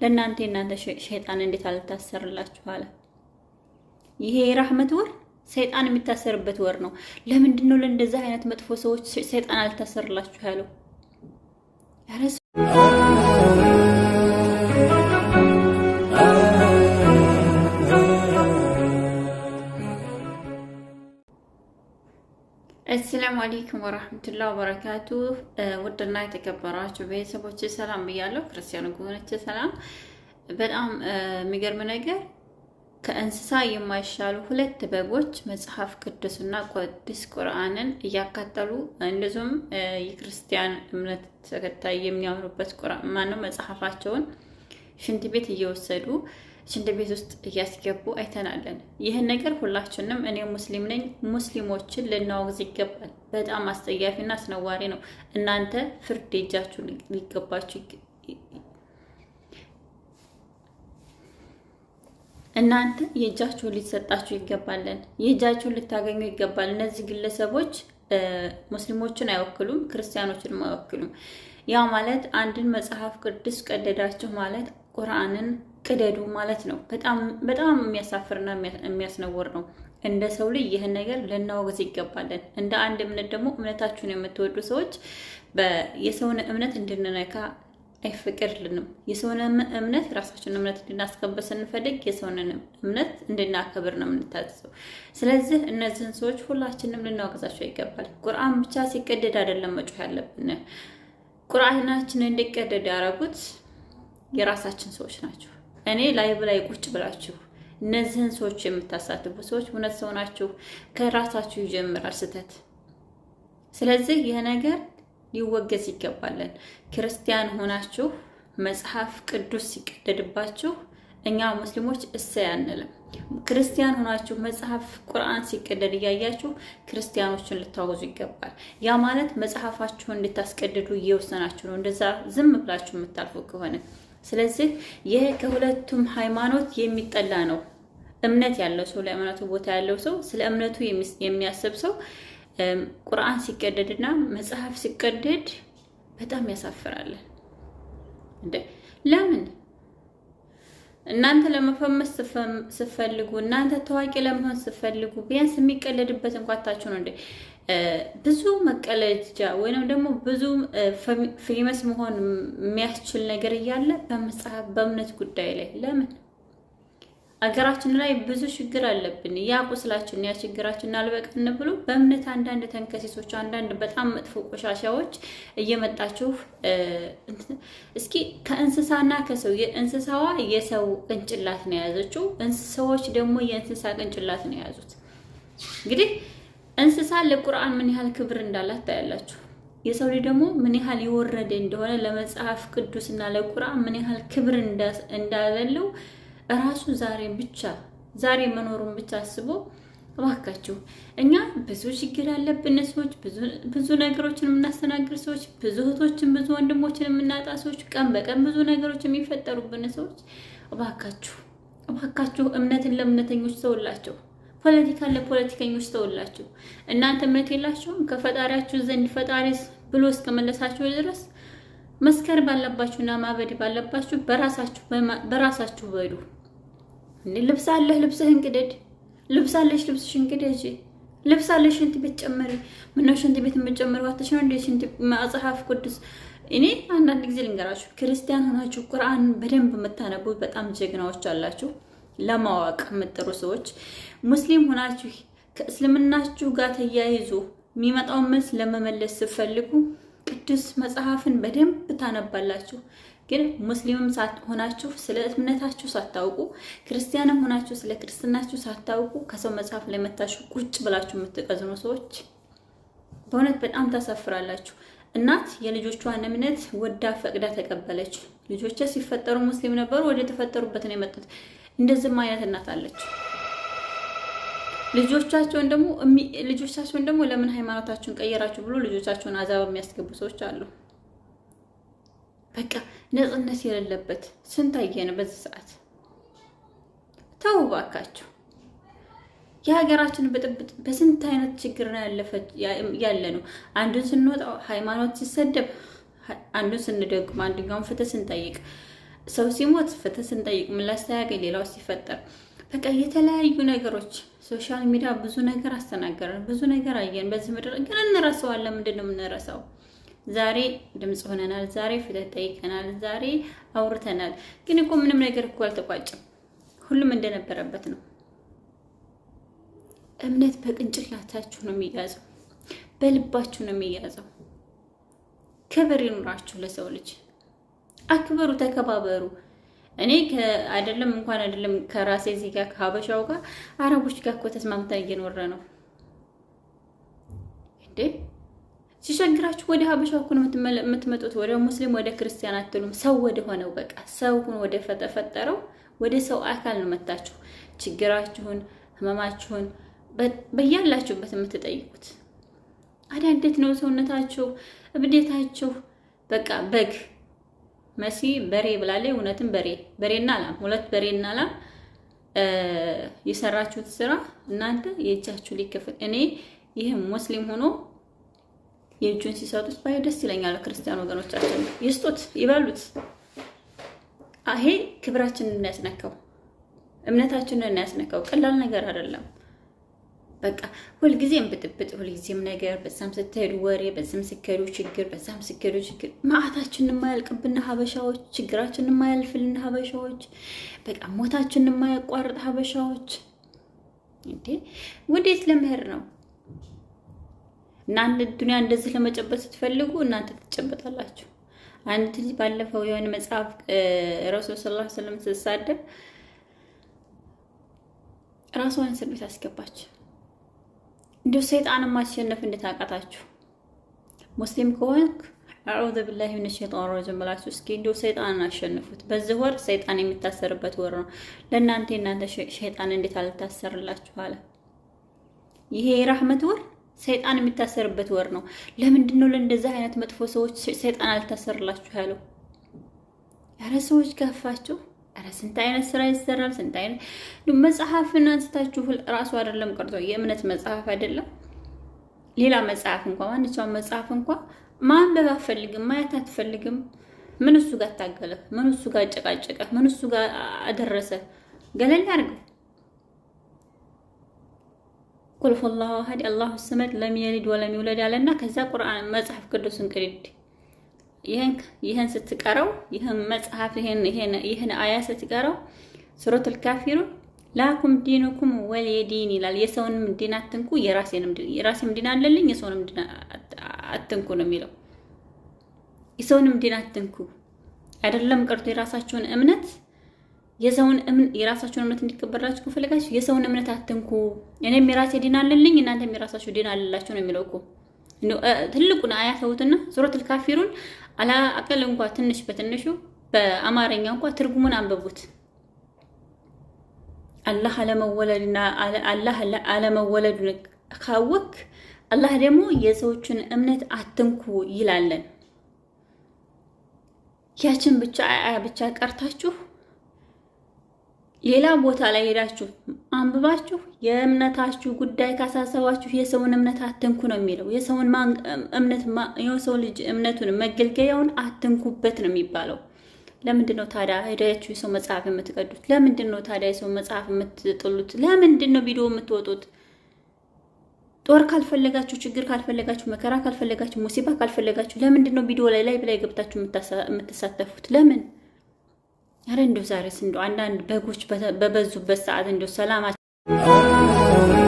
ለእናንተ እናንተ ሸይጣን እንዴት አልታሰርላችሁ አለ። ይሄ የራህመት ወር ሰይጣን የሚታሰርበት ወር ነው። ለምንድን ነው ለእንደዚህ አይነት መጥፎ ሰዎች ሰይጣን አልታሰርላችሁ ያለው? አሰላሙ አሌይኩም ወረህመቱላ ወበረካቱ። ውድና የተከበራችሁ ቤተሰቦች ሰላም ብያለሁ። ክርስቲያኑ ጉብኖች ሰላም። በጣም የሚገርም ነገር ከእንስሳ የማይሻሉ ሁለት በጎች መጽሐፍ ቅዱስና ቅዱስ ቁርአንን እያካተሉ እንደዚሁም የክርስቲያን እምነት ተከታይ የሚያምኑበት ማነው መጽሐፋቸውን ሽንት ቤት እየወሰዱ ሽንት ቤት ውስጥ እያስገቡ አይተናለን። ይህን ነገር ሁላችንም እኔ ሙስሊም ነኝ፣ ሙስሊሞችን ልናወግዝ ይገባል። በጣም አስጠያፊና አስነዋሪ ነው። እናንተ ፍርድ እጃችሁ ሊገባችሁ እናንተ የእጃችሁን ሊሰጣችሁ ይገባለን። የእጃችሁን ልታገኙ ይገባል። እነዚህ ግለሰቦች ሙስሊሞችን አይወክሉም፣ ክርስቲያኖችንም አይወክሉም። ያ ማለት አንድን መጽሐፍ ቅዱስ ቀደዳችሁ ማለት ቁርአንን ቅደዱ ማለት ነው። በጣም በጣም የሚያሳፍርና የሚያስነውር ነው። እንደ ሰው ልጅ ይህን ነገር ልናወግዝ ይገባለን። እንደ አንድ እምነት ደግሞ እምነታችሁን የምትወዱ ሰዎች የሰውን እምነት እንድንነካ አይፈቅድልንም የሰውን እምነት ራሳችንን እምነት እንድናስከብር ስንፈልግ የሰውንን እምነት እንድናከብር ነው የምንታዘዘው። ስለዚህ እነዚህን ሰዎች ሁላችንም ልናወግዛቸው ይገባል። ቁርአን ብቻ ሲቀደድ አይደለም መጮህ ያለብን። ቁርአናችን እንዲቀደድ ያደረጉት የራሳችን ሰዎች ናቸው። እኔ ላይ ላይ ቁጭ ብላችሁ እነዚህን ሰዎች የምታሳትፉ ሰዎች እውነት ሰው ናችሁ? ከራሳችሁ ይጀምራል ስህተት። ስለዚህ ይህ ነገር ሊወገዝ ይገባለን። ክርስቲያን ሆናችሁ መጽሐፍ ቅዱስ ሲቀደድባችሁ እኛ ሙስሊሞች እሰይ አንልም። ክርስቲያን ሆናችሁ መጽሐፍ ቁርአን ሲቀደድ እያያችሁ ክርስቲያኖችን ልታወዙ ይገባል። ያ ማለት መጽሐፋችሁን እንድታስቀድዱ እየወሰናችሁ ነው። እንደዛ ዝም ብላችሁ የምታልፉ ከሆነ ስለዚህ ይህ ከሁለቱም ሃይማኖት የሚጠላ ነው። እምነት ያለው ሰው ለእምነቱ ቦታ ያለው ሰው ስለ እምነቱ የሚያስብ ሰው ቁርአን ሲቀደድና መጽሐፍ ሲቀደድ በጣም ያሳፍራለን። ለምን እናንተ ለመፈመስ ስፈልጉ እናንተ ታዋቂ ለመሆን ስፈልጉ ቢያንስ የሚቀለድበት እንኳታችሁ ነው እንዴ? ብዙ መቀለጃ ወይም ደግሞ ብዙ ፌመስ መሆን የሚያስችል ነገር እያለ በመጽሐፍ በእምነት ጉዳይ ላይ ለምን አገራችን ላይ ብዙ ችግር አለብን። ያ ቁስላችን ያ ችግራችን አልበቀን ብሎ በእምነት አንዳንድ ተንከሴሶች፣ አንዳንድ በጣም መጥፎ ቆሻሻዎች እየመጣችሁ እስኪ ከእንስሳና ከሰው እንስሳዋ የሰው ቅንጭላት ነው የያዘችው፣ ሰዎች ደግሞ የእንስሳ ቅንጭላት ነው የያዙት እንግዲህ እንስሳ ለቁርአን ምን ያህል ክብር እንዳላት ታያላችሁ። የሰው ልጅ ደግሞ ምን ያህል የወረደ እንደሆነ ለመጽሐፍ ቅዱስና ለቁርአን ምን ያህል ክብር እንዳለው እራሱ ዛሬ ብቻ ዛሬ መኖሩን ብቻ አስቦ እባካችሁ እኛ ብዙ ችግር ያለብን ሰዎች፣ ብዙ ነገሮችን የምናስተናግድ ሰዎች፣ ብዙ እህቶችን ብዙ ወንድሞችን የምናጣ ሰዎች፣ ቀን በቀን ብዙ ነገሮች የሚፈጠሩብን ሰዎች፣ እባካችሁ እባካችሁ እምነትን ለእምነተኞች ሰውላቸው። ፖለቲካ ለፖለቲከኞች ተውላችሁ። እናንተ እምነት የላችሁም ከፈጣሪያችሁ ዘንድ ፈጣሪ ብሎ እስከመለሳችሁ ድረስ መስከር ባለባችሁና ማበድ ባለባችሁ በራሳችሁ በዱ። ልብስ አለህ ልብስህ እንቅደድ፣ ልብስ አለሽ ልብስሽ እንቅደጅ፣ ልብስ አለሽ ሽንት ቤት ጨመሪ። ምነው ሽንት ቤት የምጨመሪ ዋተሽ ነው እንዴ? ሽንት መጽሐፍ ቅዱስ እኔ አንዳንድ ጊዜ ልንገራችሁ፣ ክርስቲያን ሆናችሁ ቁርአን በደንብ የምታነቡ በጣም ጀግናዎች አላችሁ። ለማወቅ የምጥሩ ሰዎች ሙስሊም ሆናችሁ ከእስልምናችሁ ጋር ተያይዞ የሚመጣውን መልስ ለመመለስ ስትፈልጉ ቅዱስ መጽሐፍን በደንብ ታነባላችሁ። ግን ሙስሊምም ሆናችሁ ስለ እምነታችሁ ሳታውቁ፣ ክርስቲያንም ሆናችሁ ስለ ክርስትናችሁ ሳታውቁ ከሰው መጽሐፍ ላይ መታችሁ ቁጭ ብላችሁ የምትቀዝኑ ሰዎች በእውነት በጣም ታሳፍራላችሁ። እናት የልጆቿን እምነት ወዳ ፈቅዳ ተቀበለች። ልጆች ሲፈጠሩ ሙስሊም ነበሩ፣ ወደ ተፈጠሩበት ነው የመጡት። እንደዚህም አይነት እናት አለች። ልጆቻቸውን ደግሞ ልጆቻቸውን ደግሞ ለምን ሃይማኖታችሁን ቀየራችሁ ብሎ ልጆቻቸውን አዛብ የሚያስገቡ ሰዎች አሉ። በቃ ነጽነት የሌለበት ስንት አየን በዚህ ሰዓት። ተው እባካችሁ። የሀገራችን ብጥብጥ በስንት አይነት ችግር ነው ያለ ነው። አንዱን ስንወጣው ሃይማኖት ሲሰደብ፣ አንዱን ስንደግም፣ አንድኛውን ፍትህ ስንጠይቅ ሰው ሲሞት ፍትህ ስንጠይቅ ምላሽ ሳያገኝ ሌላው ሲፈጠር በቃ የተለያዩ ነገሮች ሶሻል ሚዲያ ብዙ ነገር አስተናገረን፣ ብዙ ነገር አየን በዚህ ምድር። ግን እንረሳዋለን። ምንድን ነው የምንረሳው? ዛሬ ድምፅ ሆነናል፣ ዛሬ ፍትህ ጠይቀናል፣ ዛሬ አውርተናል። ግን እኮ ምንም ነገር እኮ አልተቋጭም። ሁሉም እንደነበረበት ነው። እምነት በቅንጭላታችሁ ነው የሚያዘው፣ በልባችሁ ነው የሚያዘው። ክብር ይኑራችሁ ለሰው ልጅ። አክብሩ፣ ተከባበሩ። እኔ አይደለም እንኳን አይደለም ከራሴ እዚህ ጋር ከሀበሻው ጋር አረቦች ጋር እኮ ተስማምተን እየኖረ ነው እንዴ። ሲቸግራችሁ ወደ ሀበሻው እኮ ነው የምትመጡት፣ ወደ ሙስሊም ወደ ክርስቲያን አትሉም። ሰው ወደ ሆነው በቃ ሰውን ወደ ፈጠፈጠረው ወደ ሰው አካል ነው መታችሁ ችግራችሁን ህመማችሁን በያላችሁበት የምትጠይቁት። አዳንዴት ነው ሰውነታችሁ፣ እብዴታችሁ በቃ በግ መሲ በሬ ብላለች። እውነትም በሬ በሬና ላም ሁለት በሬና ላም የሰራችሁት ስራ እናንተ የእጃችሁ ሊከፍል እኔ ይህም ሙስሊም ሆኖ የእጁን ሲሰጡት ባይ ደስ ይለኛል። ክርስቲያን ወገኖቻችን ይስጡት፣ ይበሉት። ይሄ ክብራችንን እናያስነካው፣ እምነታችንን እናያስነካው። ቀላል ነገር አይደለም። በቃ ሁልጊዜም ብጥብጥ፣ ሁልጊዜም ነገር፣ በዛም ስትሄዱ ወሬ፣ በዛም ስትሄዱ ችግር፣ በዛም ስትሄዱ ችግር። መዓታችን የማያልቅብን ሀበሻዎች፣ ችግራችን የማያልፍልን ሀበሻዎች፣ በቃ ሞታችን የማያቋርጥ ሀበሻዎች። እንዴ ወዴት ለመሄድ ነው? እናንተ ዱንያ እንደዚህ ለመጨበጥ ስትፈልጉ እናንተ ትጨበጣላችሁ። አንድ ልጅ ባለፈው የሆነ መጽሐፍ ረሱል ስለ ላ ስለም ስትሳደብ ራሷን እስር ቤት አስገባች። እንዲሁ ሰይጣንን ማሸነፍ እንዴት አቃታችሁ? ሙስሊም ከሆንክ አዑዘ ብላሂ ምን ሸይጣን ረጅም ብላችሁ እስኪ እንዲሁ ሰይጣንን አሸንፉት። በዚህ ወር ሰይጣን የሚታሰርበት ወር ነው። ለእናንተ እናንተ ሸይጣን እንዴት አልታሰርላችሁ አለ። ይሄ የራህመት ወር ሰይጣን የሚታሰርበት ወር ነው። ለምንድን ነው ለእንደዚህ አይነት መጥፎ ሰዎች ሰይጣን አልታሰርላችሁ ያለው? ያረ ሰዎች ከፋችሁ። ኧረ ስንት አይነት ስራ ይሰራል። ስንት አይነት መጽሐፍን አንስታችሁ ራሱ አይደለም ቀርጾ የእምነት መጽሐፍ አይደለም ሌላ መጽሐፍ እንኳ ማንኛውም መጽሐፍ እንኳ ማንበብ አትፈልግም፣ ማየት አትፈልግም። ምን እሱ ጋር ታገለ፣ ምን እሱ ጋር ጨቃጨቀ፣ ምን እሱ ጋር አደረሰ። ገለል አድርገው ቁልፍ ላሁ አሐድ አላሁ ሰመድ ለም የሊድ ወለም ይውለድ አለና ከዛ ቁርአን መጽሐፍ ቅዱስን ቅድድ ይህን ስትቀረው ይህን መጽሐፍ ይህን አያ ስትቀረው ሱረቱል ካፊሩን ላኩም ዲኑኩም ወልየዲን ይላል። የሰውንም ዲን አትንኩ የራሴም ዲን አለልኝ የሰውንም ዲን አትንኩ ነው የሚለው። የሰውንም ዲን አትንኩ አይደለም ቀርቶ የራሳችሁን እምነት የሰውን የራሳችሁን እምነት እንዲከበርላችሁ ከፈለጋችሁ የሰውን እምነት አትንኩ። እኔም የራሴ ዲን አለልኝ እናንተም የራሳችሁ ዲን አለላችሁ ነው የሚለው እኮ ትልቁን አያ አያተውትና ሱረቱል ካፊሩን አላቀል እንኳ ትንሽ በትንሹ በአማርኛ እንኳ ትርጉሙን አንብቡት። አላህ አለመወለድና አላህ አለመወለዱን ካወክ አላህ ደግሞ የሰዎችን እምነት አትንኩ ይላለን። ያችን ብቻ አያ ብቻ ቀርታችሁ ሌላ ቦታ ላይ ሄዳችሁ አንብባችሁ የእምነታችሁ ጉዳይ ካሳሰባችሁ የሰውን እምነት አትንኩ ነው የሚለው። የሰውን እምነት የሰው ልጅ እምነቱን መገልገያውን አትንኩበት ነው የሚባለው። ለምንድን ነው ታዲያ ሄዳችሁ የሰው መጽሐፍ የምትቀዱት? ለምንድን ነው ታዲያ የሰው መጽሐፍ የምትጥሉት? ለምንድን ነው ቪዲዮ የምትወጡት? ጦር ካልፈለጋችሁ፣ ችግር ካልፈለጋችሁ፣ መከራ ካልፈለጋችሁ፣ ሙሲባ ካልፈለጋችሁ ለምንድን ነው ቪዲዮ ላይ ላይ ብላይ ገብታችሁ የምትሳተፉት? ለምን ኧረ እንደው ዛሬስ እንደው አንዳንድ በጎች በበዙበት ሰዓት እንደው ሰላማቸው